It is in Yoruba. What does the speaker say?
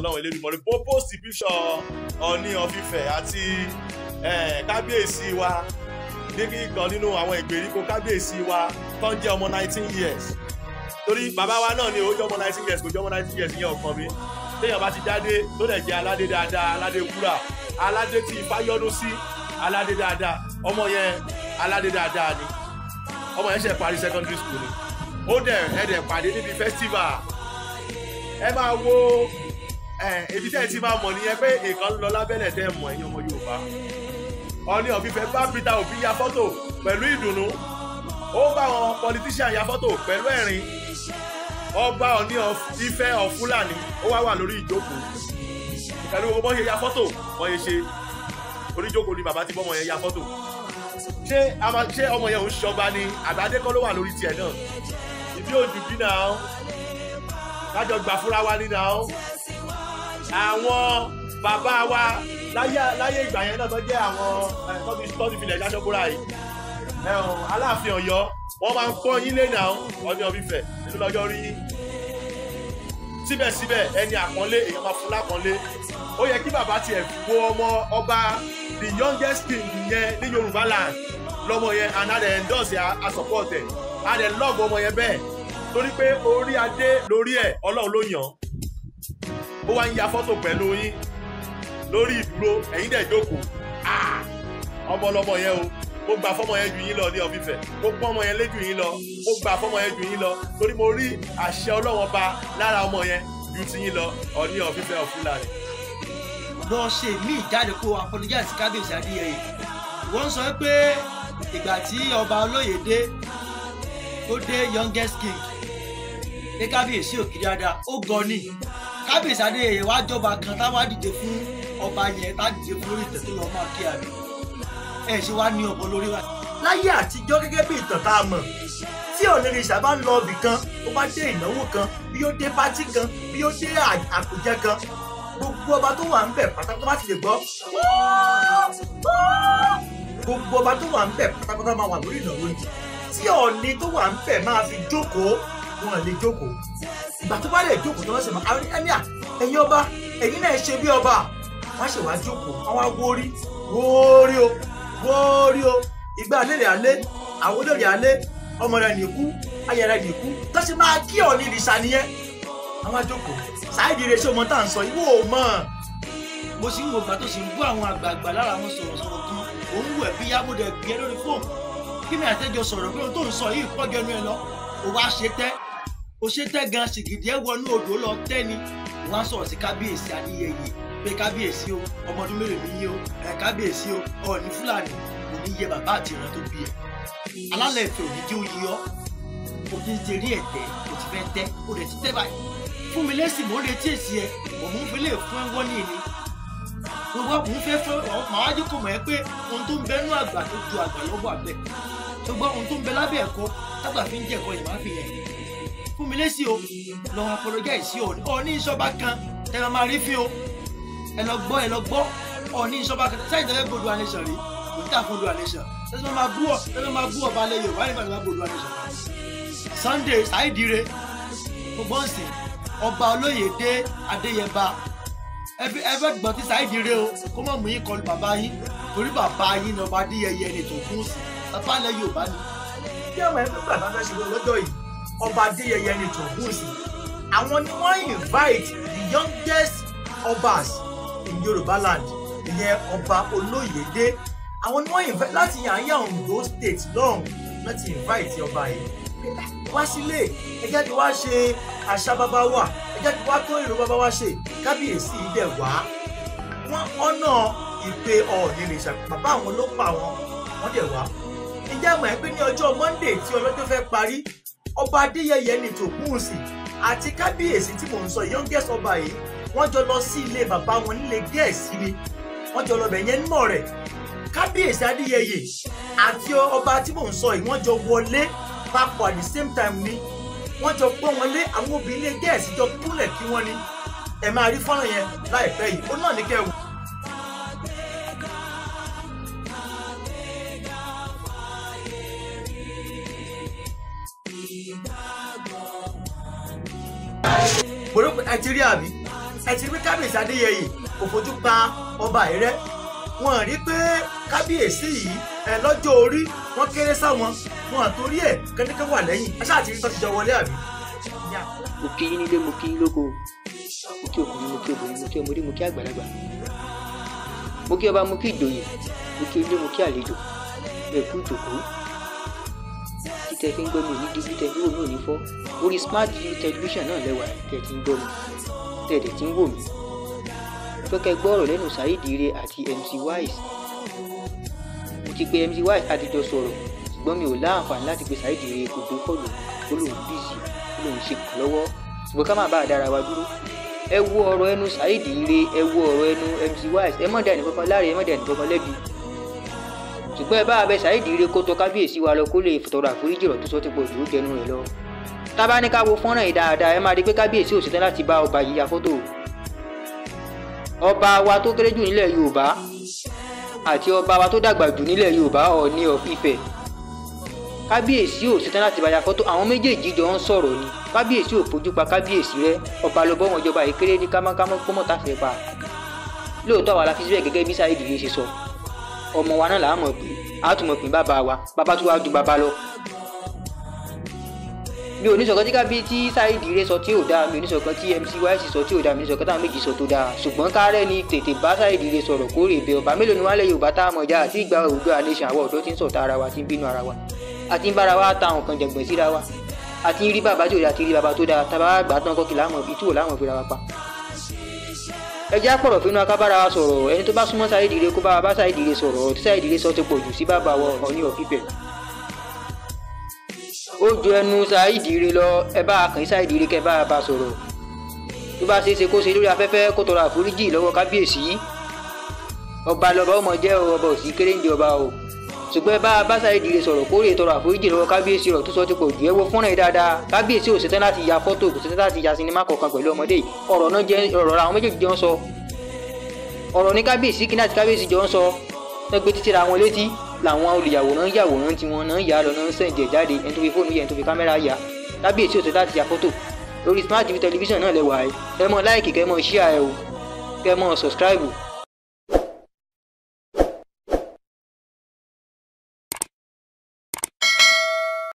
ọlọ́run elédùnmọ́rí bó post picture ọ̀ní ọ̀fífẹ́ àti kábíyèsí wa nígbì kan nínú àwọn ìgbèríko kábíyèsí wa tó jẹ́ ọmọ nineteen years torí bàbá wa náà ni ó jẹ́ ọmọ nineteen years kò jẹ́ ọmọ nineteen years ìyẹn ọ̀kan mi téèyàn bá ti jáde tó dẹ̀ jẹ́ aládé dáadáa aládé wúrà aládé tí ifá yọ́nú sí aládé dáadáa ọmọ yẹn aládé dáadáa ni ọmọ yẹn ṣe parí secondary school ni ó dẹ̀ ẹ̀ dẹ̀ pàdé níbi festival ẹ máa wo ebi tẹ́ ẹ ti máa mọ̀ nìyẹn pé nǹkan ń lọ lábẹ́lẹ̀ tẹ́ ẹ mọ̀ ẹ̀yin ọmọ Yorùbá Ọọ̀ni of bá Peter Obi ya fọ́tò pẹ̀lú ìdùnnú ó bá àwọn politician ya fọ́tò pẹ̀lú ẹ̀rín ọba Ọọ̀ni of Ife of Fúlàní ó wá wà lórí ìjókòó pẹ̀lú gbogbo bọ́n ṣe ya fọ́tò wọ́n yẹn ṣe oníjókòó ni bàbá ti bọ́mọ yẹn ya fọ́tò ṣé ṣé ọmọ yẹn ò ń ṣọba ni àgbàdé kọ́ ló wà lórí tiẹ̀ náà ìbí òjò bí náà lájọ gbà fúnra wa ní náà àwọn bàbá wa láyé ìgbà yẹn náà tó jẹ́ àwọn eh, tọ́jú filẹ̀ ìdájọ́ bóra yìí aláàfin ọ̀yọ́ wọ́n máa ń kọ́ yín lé náà ọdún ọbí fẹ̀ nínú lọ́jọ́ rí yín síbẹ̀síbẹ̀ ẹni àpọ́nlé èèyàn máa fún lápọ́nlé ó yẹ kí bàbá tiẹ̀ wo ọmọ ọba the youngest king yẹn ní yorùbá land lọ́mọ yẹn and adẹ̀ endorse a support ẹ̀ adẹ̀ love ọmọ yẹn bẹ́ẹ̀ torí pé orí adé lórí ẹ̀ ọlọ́run ló yàn án ó wá ń ya fọ́tò pẹ̀lú yín lórí ìdúró ẹ̀yin dẹ̀ jókòó ọmọ ọlọmọ yẹn o ó gba fọ́mọ yẹn ju yín lọ ní ọfífẹ ó pọ́n ọmọ yẹn léjú yín lọ ó gba fọ́mọ yẹn ju yín lọ torí mo rí àṣẹ ọlọ́wọ́n ba lára ọmọ yẹn ju ti yín lọ ọní ọfífẹ ọfúlàní. lọ ṣe mí ìjáde kó apologize kábíyèsí adéyẹyẹ wọ́n sọ pé ìgbà tí ọba olóyè dé ó dé youngest king pé kábíyèsí òkè dáadáa ó gan ni kábíyèsí adéyẹyẹ wá jọba kan táwa dìde fún ọba yẹn tá dìde fún lórí ìtẹ̀tẹ̀ lọ́mọ kí àbí ẹ̀ ṣe wá ní ọ̀bọ lórí wa. láyé àtijọ́ gẹ́gẹ́ bí ìtàn tá a mọ̀ tí ọ̀nẹ́rìṣà bá lọ ibì kan ó bá dé ìnáwó kan bí ó dé pátí kan bí ó dé àkójẹ kan gbogbo ọba tó wà ń bẹ̀ pátápátá bá ti lè gbọ́ gbogbo ọba tó wà ń bẹ̀ pátápátá máa wà lórí ìnáwó yìí tí tó wà ń bẹ̀ máa fi jókòó wọn lè jókòó ìgbà tó bá lè jókòó tó wọn sì máa àwọn ẹmíà ẹ̀yin ọba ẹ̀yin náà ṣe bí ọba wọn ṣe wá jókòó wọn wá wórí wórí o wórí o ìgbà àlèrè alẹ àwọn olórí alẹ ọmọ rẹ nìkú ayẹ rẹ nìkú tó ṣe máa kí ọ ní ìrìṣà nìyẹn wọn wá jókòó sáyidì rẹ ṣé o tá à ń sọ ìwọ ò mọ mo sì ń wo ìgbà tó sì ń bú àwọn àgbààgbà lára àwọn sọ̀rọ̀sọ̀rọ̀ kan òun wẹ̀ bí yábòdè gbé lórí fóònù kí mi àtẹ́jọ sọ̀rọ̀ pé ohun tó ń sọ yìí pọ́jọ́ inú ẹ lọ òun á ṣe tẹ́ ó ṣe tẹ́ gan ṣìgìdì ẹ̀ wọnú odò lọ tẹ́ni wọ́n á sọ̀rọ̀ sí kábíyèsí adéyẹyẹ pé kábíyèsí o ọmọ ọdún mélòó o ẹ̀ o ọ̀ọ́ni fúlàní kò ní yẹ bàbá àti ìran tó bí ẹ̀ alálẹ̀ ìfẹ́ òní tí ó yí ọ́ kò ti rí ẹ̀tẹ́ kò ti fẹ́ tẹ́ ó ti tẹ́ báyìí fún mi lẹ́sìn mò ń retí èsì òun fi lè fún gbogbo òun fẹ́ fẹ́ mọ̀ ohun tó ń bẹ ju àgbà gbogbo ohun tó ń bẹ lábẹ́ ẹ̀kọ́ fi ń jẹ́ ẹ̀kọ́ fún mi lésì o lọ́wọ́ apologize sí o ọ̀ní ìṣọba kan tẹ̀lé máa rí fi o ẹ lọ gbọ́ ẹ lọ gbọ́ ọ̀ní ìṣọba kan sẹ́yìn tẹ́lẹ̀ gbòdo àlẹ́sàn rí kò tí àfọ̀dọ̀ àlẹ́sàn tẹ́lẹ̀ máa bú ọ̀ tẹ́lẹ̀ máa bú ọ̀ balẹ̀ yorùbá nígbà tí wọ́n gbòdo Sunday Àìdíre gbogbo ọ̀sìn ọba olóyèdè Adéyẹba ẹfẹ́ gbọ́n ti Àìdíre o kó mọ̀ mú yín kọlu bàbá yín torí bàbá yín ni ọba Adéyẹyẹ ni tó kún sí bàbá alẹ́ yorùbá ni. bí àwọn ẹgbẹ́ ọba adéyẹyẹ ní tògúùsì àwọn ni wọ́n invite the youngest ọbas in yorùbá land ìyẹn ọba olóyèdè àwọn ni wọ́n invite láti yàyà ondo state lọ́hùn láti invite ọba yìí wá sílé ẹ jáde wá ṣe àṣà bàbá wa ẹ jáde wá tó èrò bàbá wa ṣe kábíyèsí ibẹ̀ wá wọ́n ọ̀nà ìpè ọ̀ọ̀ni lè ṣàpè bàbá àwọn ló pa wọn wọ́n dẹ̀ wá. ǹjẹ́ àmọ̀ ẹ́ pé ní ọjọ́ monday tí ọlọ́jọ́ fẹ́ parí ọba adéyẹyẹ ní tòkúùsì àti kábíyèsí tí mò ń sọ youngest ọba yìí wọ́n jọ lọ sí ilé bàbá wọn nílé gẹ̀ẹ́sì ni wọ́n jọ lọ bẹ̀ yẹn nímọ̀ rẹ̀ kábíyèsí adéyẹyẹ àti ọba tí mò ń sọ yìí wọ́n jọ wọlé papọ̀ at the same time ni wọ́n jọ pọ́n wọn lé àwọn obìnrin ilé gẹ̀ẹ́sì jọ kúnlẹ̀ kí wọ́n ni ẹ̀ máa rí fọ́nrán yẹn láìpẹ́ yìí ó náà ní kẹ́ bọ́dọ̀ pé nàìjíríà mi nàìjíríà pé kábíyèsí adéyẹyè kò fojú pa ọba ìrẹ́ wọn rí pé kábíyèsí yìí ẹ lọ́jọ́ orí wọn kéré sáwọn wọn àtòrí ẹ̀ kẹ́nikẹ́ wà lẹ́yìn aṣá àti rí tọ́jú wọlé àbí. mo kí yín nílé mo kí yín lóko mo kí ọkùnrin mo kí obìnrin mo kí ọmọdé mo kí àgbàlagbà mo kí ọba mo kí ìjòyè mo kí ilé mo kí àlejò bẹ́ẹ̀ kú ìjòkó tẹ fi ń gbọ́ mi ò ní dijú tẹ fi ń fọ́ orí smart view television náà lẹ́wà tẹ ti ń gbọ́ mi tẹ dẹ̀ ti ń wò mí pẹ́kẹ́ gbọ́rọ̀ lẹ́nu Saheed àti MC Wise mo ti pe MC Wise àtijọ́ sọ̀rọ̀ ṣùgbọ́n mi ò láǹfààní láti pe Saheed Ire kò tó kọ̀lù ó lòun bízì ó lòun ṣe kù lọ́wọ́ ṣùgbọ́n ká má bàa dára wa dúró ẹ wo ọ̀rọ̀ ẹnu Saheed ẹ wo ọ̀rọ̀ ẹnu MC Wise ẹ má dá ẹnì kankan láre ẹ má ṣùgbọ́n ẹ bá abẹ ṣáìdì ire kó tọ kábíyèsí wa lọ kó lè tọrọ àforíjì rọ̀ tó sọ ti pọ̀ jù ú jẹnu rẹ̀ lọ. tábà ní ká wo fọ́nrán yìí dáadáa ẹ máa rí pé kábíyèsí ò ṣetán láti bá ọba yìí ya fọ́tò. ọba wa tó kéré jù nílẹ̀ yorùbá àti ọba wa tó dàgbà jù nílẹ̀ yorùbá ọ̀ọ́ni of Ifẹ̀ kábíyèsí ò ṣetán láti bá ya fọ́tò àwọn méjèèjì jọ ń sọ̀rọ̀ ni kábíyèsí ò fojú pa kábíyèsí rẹ ọmọ wa náà làá mọ̀ pé a tún mọ̀ pé bàbá wa bàbá tó wá ju bàbá lọ. mi ò ní sọ̀kan tí kábí tí Saheed Ire sọ tí ò dáa mi ò ní sọ̀kan tí MC Wise sọ tí ò dáa mi ò ní sọ̀kan táwọn méjì sọ tó dáa ṣùgbọ́n kárẹ́ ni tètè bá Saheed Ire sọ̀rọ̀ kórè ibẹ̀ ọba mélòó ni wọ́n lẹ̀ Yorùbá tá a mọ̀ já àti ìgbà òjò àlejò àwọn ọ̀dọ́ ti ń sọ̀tà ara wa ti ń bínú ara wa àti ń bára wa ta àwọn kan jẹ̀gbẹ́ síra wa àti rí bàbá tí ò dáa àti rí bàbá tó dáa tàbá ẹ já pọ̀rọ̀ fínú akábára wa sọ̀rọ̀ ẹni tó bá súnmọ́ Saheed Ire kó bá wa bá Saheed Ire sọ̀rọ̀ tí Saheed Ire sọ ti pọ̀ jù sí bàbá wọn Ọọ̀ni of Ife. ó ju ẹnu Saheed Ire lọ ẹ bá kàn í Saheed Ire kẹ bá a bá sọ̀rọ̀ tó bá ṣeé ṣe kó ṣe lórí afẹ́fẹ́ kó tọrọ àforíjì lọ́wọ́ kábíyèsí ọba lọba ọmọ jẹ́ ọba òsì kéréǹdé ọba o ṣùgbọ́n bá a bá Saheed lè sọ̀rọ̀ kórè tọrọ àforíjì lọ́wọ́ kábíyèsí rọ̀ tó sọ ti pọ̀ jù ẹ́ wo fúnra ẹ̀ dáadáa kábíyèsí ò ṣetán láti ya fọ́tò kò ṣetán láti ya sinimá kọ̀ọ̀kan pẹ̀lú ọmọdé yìí ọ̀rọ̀ náà jẹ́ ọ̀rọ̀ àwọn méjèèjì jọ ń sọ ọ̀rọ̀ ní kábíyèsí kí náà ti kábíyèsí jọ ń sọ lọ́gbẹ́ títí ra wọn létí làwọn olùyàwòrán yàwòrán tí wọn náà yà á lọ